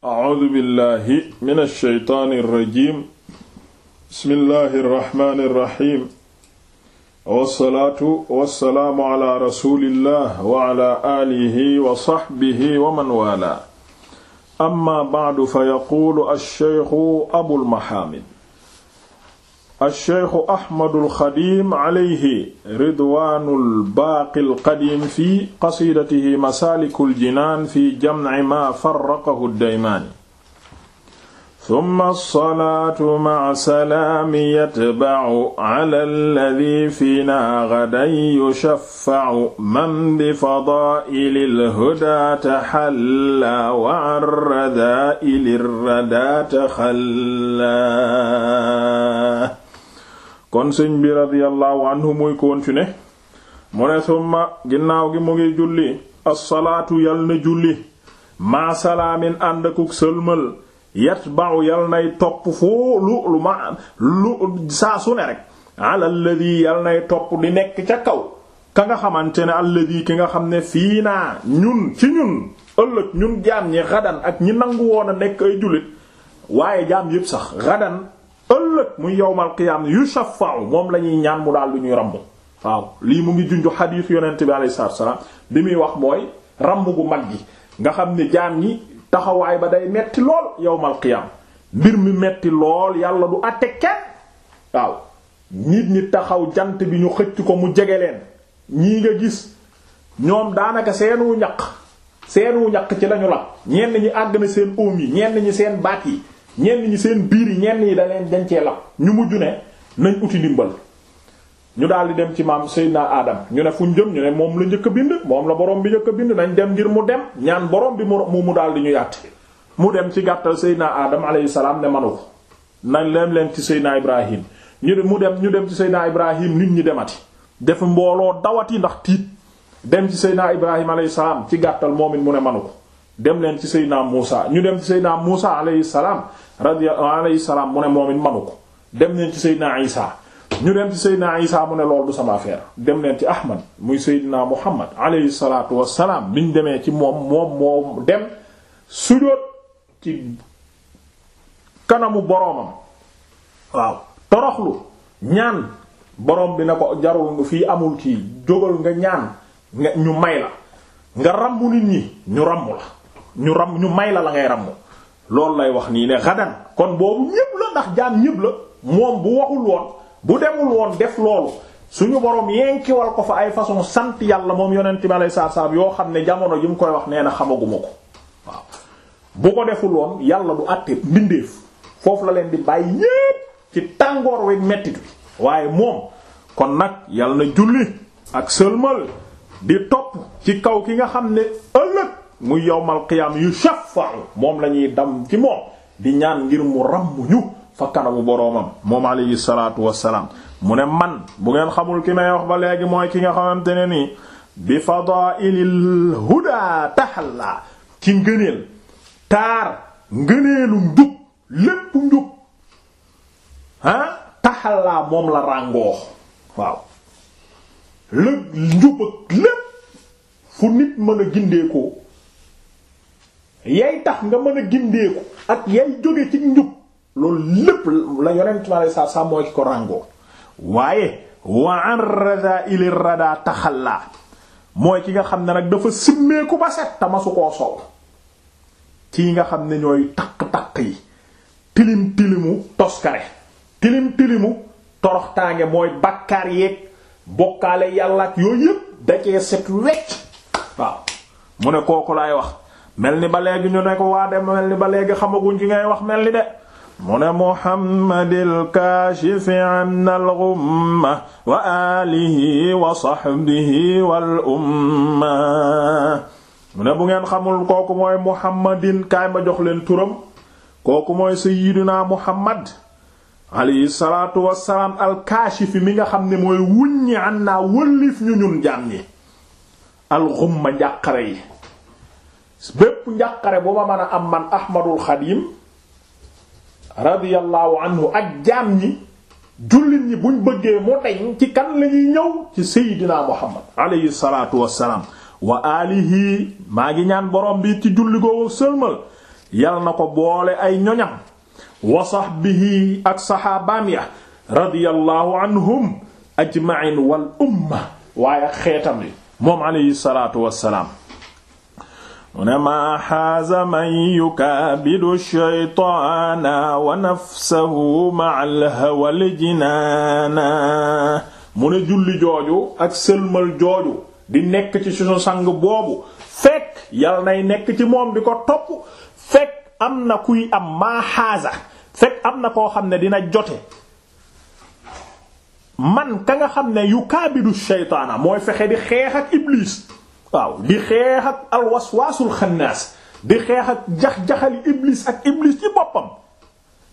A'uuzu billaahi mina shaytaani rajiim bismillaahi rahmaani rahiim wassalaatu wassalaamu alaa rasuulillaah wa alaa aalihi wa sahbihi wa man waalaa ammaa ba'du fa yaquulu ash-shaykhu Abul Mahaamid alcheikhu ahmadulxadim alayhi ridwaanul baaqil qadiim fi qasidatihi masaalikul jinaan fi jamci maa farraqahu daymaani summa salaatu maca salaami yatbacu cala alladi fiinaa gadan yushaffacu man bifadaa'ili lhudaa taxallaa wa can radaa'ili radaa taxallaa kon sëñ bi radiyallahu anhu muy continuer mu ne summa ginnaaw gi mu ngi julli assalaatu yal na julli maa salaamin ànd akuk sëlmal yatba'u yal nay topp foo lu lu ma lu saa su ne rek ala alladi yal nay topp di nekk ca kaw ka nga xamante ne alladi ki nga xam ne fii naa ñun ci ñun ëllëg ñun jaam ñi xadan ak ñi nangu woon a nekk ay jullit waaye jaam yépp sax xadan ëllëg muy yowmal qiyaam yushafa'u moom la ñuy ñaan mu daal lu ñuy ramb waaw lii mu ngi junj xadiis yonent bi alayhi salaatu salaam bi muy wax mooy ràmb gu mag gi nga xam ne jaam ñi taxawaay ba day metti lool yowmal qiyaam mbir mi metti lool yàlla du àtte kenn waaw nit ñi taxaw jant bi ñu xëcc ko mu jege leen ñii nga gis ñoom daanaka seenu ñaq seenu ñaq ci lañu la ñenn ñi àgg na seen óom yi ñenn ñi seen baat yi ñenn ñi seen biir yi ñenn yi daleen dencee la ñu mujj ne nañ uti ndimbal ñu daal di dem ci maam Seydina Adam ñu ne fu ñu jëm ñu ne moom la njëkk a bind moom la boroom bi njëkk a bind nañ dem ngir mu dem ñaan borom bi mu mu daal di ñu yàtt mu dem ci gàttal Seydina Adam alayhi salaam ne manu ko nañ leen leen ci Seydina Ibrahim ñu mu dem ñu dem ci Seydina Ibrahim nit ñi demati def mbooloo dawati ndax tiit dem ci Seydina Ibrahim alayhi salaam ci gàttal moom it mu ne manu ko dem leen ci Seydina Muusa ñu dem ci Seydina Muusa alayhi salaam radiyallahu alayhi salaam mu ne moom it manu ko dem leen ci Seydina Isa ñu dem ci Seydina Isa mu ne loolu du sama affaire dem leen ci Ahmad muy Seydina Muhammad alayhi salaatu wassalaam bi ñu demee ci moom moom moo dem sujóot ci kanamu boroomam waaw toroxlu ñaan boroom bi na ko jarul nga fii amul kii jógal nga ñaan nga ñu may la nga rammu nit ñi ñu rammu la ñu ram ñu may la la ngay rammu loolu lay wax nii ne xadan kon boobu ñépp la ndax jaam ñépp la moom bu waxul woon bu demul woon def loolu suñu borom yenkiwal ko fa ay façon sant yàlla moom yonent bi alayhi salaatu salaam yoo xam ne jamono ji mu koy wax nee na xamaguma woon yàlla du àtte mbindeef foofu la leen di bàyyi tàngoor weeg mettit waaye moom nag yàlla na julli ak sëlmal di topp ci kaw ki nga xam ne ëllëg muy yowmal qiyaam yu shaffa'u moom lañuy ñuy dam ci moom di ñaan ngir mu ràmm ñu fa kanamu boroomam moom alayhi wassalaam mu ne man bu ngeen xamul ki may wax ba léegi mooy ki nga xamante ne nii bi fadaa'ilil huda tahalla ci ngëneel taar ngëneelu njub lépp njub ah tahalla moom la ràngoo waaw lëg njub lépp fu nit mën a gindee yay tax nga mën a gindeeku ak yay jóge ci njub loolu lépp la yonent ma lay sa sa mooy ki ko ràngoo waaye wa an rada ili rada taxallaa mooy ki nga xam ne nag dafa simmeeku ba set tamasu koo sol ci nga xam ne ñooy takk-takk yi tilim tilimu toskare tilim tilimu toroxtaange mooy bakkaar yeeg bokkaale yàlla ak yooyu yëpp da set wecc waaw mu ne kooku lay wax mel ni ba léegi ñu ne ko waa dem mel ni ba léegi xamaguñ ki ngay wax mel ni de mu ne muhammadil kaashifi an al ghumma wa alihi ne bu ngeen xamul kooku mooy muhammadin kaay jox leen turam kooku mooy sayyidina muhammad alayhi salaatu wassalaam al mi nga xam ne mooy wuññi an naa wëllif ñu ñun jaam ñi al ghumma yi bépp njàqare bu ma mën am man ahmadul xadim radiyallahu anhu ak jaam ñi jullit ñi buñ bëggee moo ci kan la ñëw ci seydina muhammad alayhi salatu wassalaam wa alihi maa ngi ñaan borom bi ci julli googu sëlmal yal na ko boole ay ñoñam wa sahbihi ak saxaabaam ya radiyallahu anhum ajma'in wal umma waaye xeetam li moom alayhi salatu mu ne maa xaaza man yukaabidu shaytaana wa nafsahu ma ne ak sëlmal jooju di nekk ci suñu sang boobu fekk nekk ci moom di ko topp fekk am na kuy am maa xaaza am na koo xam ne dina jote man ka nga xam ne yukaabidu shaytaana mooy fexe di xeex ak iblis waaw di xeex ak alwaswaasul xannaas di xeex ak jax-jaxali iblis ak iblis ci boppam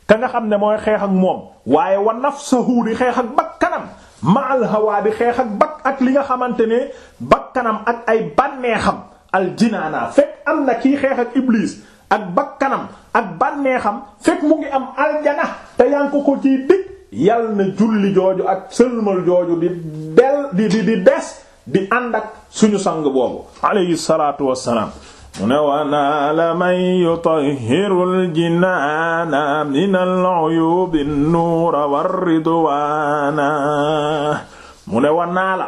ka nga xam ne mooy xeex ak moom waaye wa nafsahu di xeex ak bakkanam ma'al hawa di xeex ak bak ak li nga xamante ne bakkanam ak ay banneexam bànneexam jinaana fekk am na kii xeex ak iblis ak bakkanam ak bànneexam fekk mu ngi am aljana te yaa ko ko ciy dig yal na julli jooju ak sëlmal jooju di del di di di des di ànd ak suñu sang boobu alayhi salaatu wassalaam mu ne wana la man yutahhirul jinaana minal uyubi nuura warridwaana mu ne wanaa la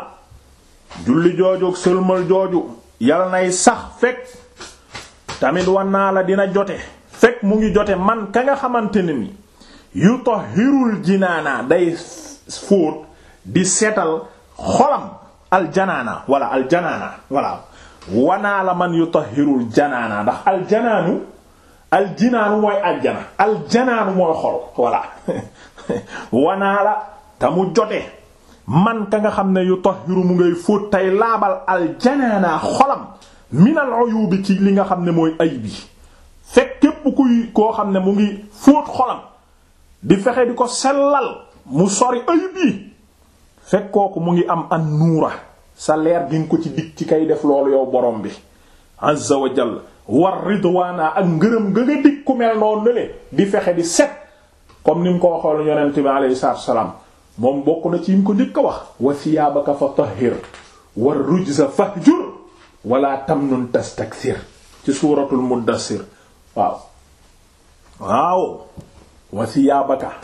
julli jooju sëlmal jooju yal nay sax fekk tamit wanaa la dina jote fekk mu ngi jote man ka nga xamante ne ni yutahhirul jinaana day fóot di seetal xolam aljanaana walla aljanaana walla wanaa la man yutahhirul janaana ndax aljanaanu aljinaanu mooy aljana aljanaanu mooy xol walla wanaa la te mu jote man ka nga xam ne yutahhiru mu ngay fóot tey laabal aljanaana xolam minal uyubi ci li nga xam ne mooy ayib yi fekk képp kuy koo xam ne mu ngi fóot xolam bi fexe di ko sellal mu sori ayib yi fekk kooku mu ngi am an nuura sa leer gi nga ko ci dig ci kay def loolu yow borom bi azza wa jalla war ridwaana ak ngërëm nga nga dig ku mel noonu le di fexe di set comme ni nga ko waxool yonent bi alayhi salaatu moom bokku na ci yi mu ko njëkk ko wax wa siyaabaka fa tahhir wa rujza fahjur wala tamnun tastakthir ci suuratul muddassir waaw waaw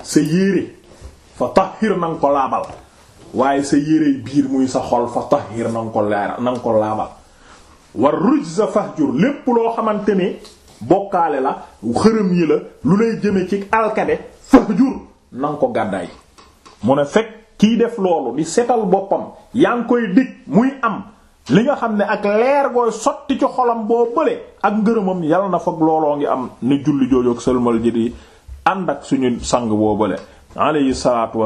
sa yére fa tahhir nanga ko laabal waaye sa yérey biir muy sa xol fa tahir na nga ko leer na nga laabal war rujza fahjur lépp loo xamante ni bokkaale la xërëm yi la lu lay jëme ci alkade fahjur na ko gàddaay mu ne fekk kiy def loolu di setal boppam yaa ngi koy dig muy am li nga xam ne ak leer gooy sotti ci xolam boo bële ak ngërëmam yàlla na foog looloo ngi am ne julli joojoog sëlmal ji di ànd ak suñu sang boo bële alayhi salaatu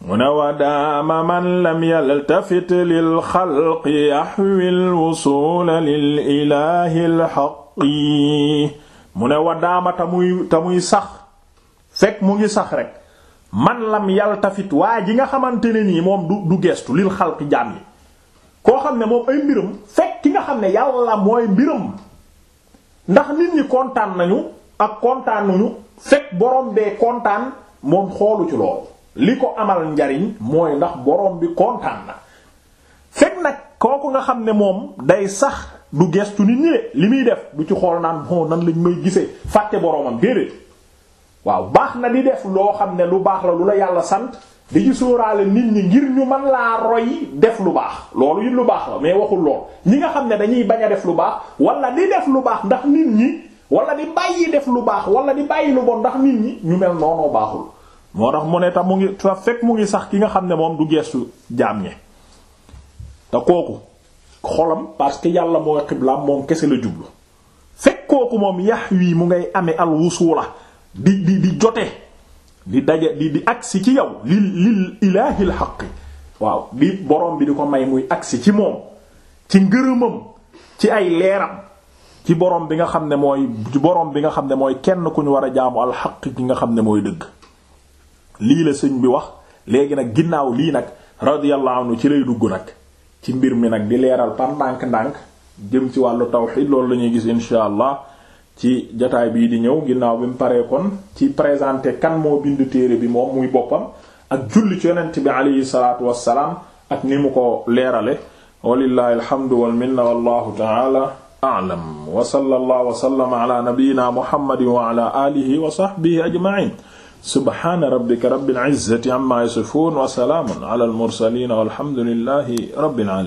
mu ne wadaama man lam yaltafit lil xalqi yaxwi lwusula lil ilahi lxaqi mu ne wadaama ta muy muy sax fekk mu ngi sax rekk man lam yaltafit waa ji nga xamante ne nii moom du du gestu lil xalqi jaam koo xam ne moom ay mbiram fekk ki nga xam ne yàlla mooy mbiram ndax nit ñi kontaan nañu ak kontaanuñu fekk borom bee kontaan moom xoolu ci loolu li ko amal njariñ mooy ndax boroom bi kontaan na fekk nag kooku nga xam ne moom day sax du gestu nit ñi li muy def du ci xool naan bon nan lañ may gisee fàtte boromam déedéet waaw baax na di def loo xam ne lu baax la lu la yàlla sant di ci sóoraale nit ñi ngir ñu mën laa roy def lu baax loolu it lu baax la mais waxul lool ñi nga xam ne dañuy bañ a def lu baax wala di def lu baax ndax nit ñi wala di bàyyi def lu baax wala di bàyyi lu bon ndax nit ñi ñu mel noonoo baaxul. moo tax mu ne tax mu ngi fa fekk mu ngi sax ki nga xam ne moom du geesu jaam ñe te kooku xolam parce que yàlla mooy xiblaam moom kese la jublu fekk kooku moom yax wii mu ngay amee al wusula di di di jote di daje di di agsi ci yow li lil ilaahil xaqi waaw di borom bi di ko may muy agsi ci moom ci ngërëmam ci ay leeram ci borom bi nga xam ne mooy ci borom bi nga xam ne mooy kenn ku ñu war a jaamu alxaq ki nga xam ne mooy dëgg lii la sëñ bi wax léegi nag ginnaaw lii nag radiyallahu anhu ci lay dugg nag ci mbir mi nag di leeral par ndànk jëm ci wàllu tawxid loolu lañuy gis insha allah ci jataay bii di ñëw ginnaaw bi mu paree kon ci présenter kan moo bind téere bi moom muy boppam ak julli ci bi aleyhi salaatu wassalaam ak ni mu ko leerale walillahi alhamdu wal minna wallahu ta'ala a'lam wa sallallahu wa sallama ala nabiyyina muhammadin wa ala wa sahbihi ajma'in subhaana rabbika rabbil izzati amma yasifun wa salaamun ala al mursalin walhamdulillahi rabbil alamin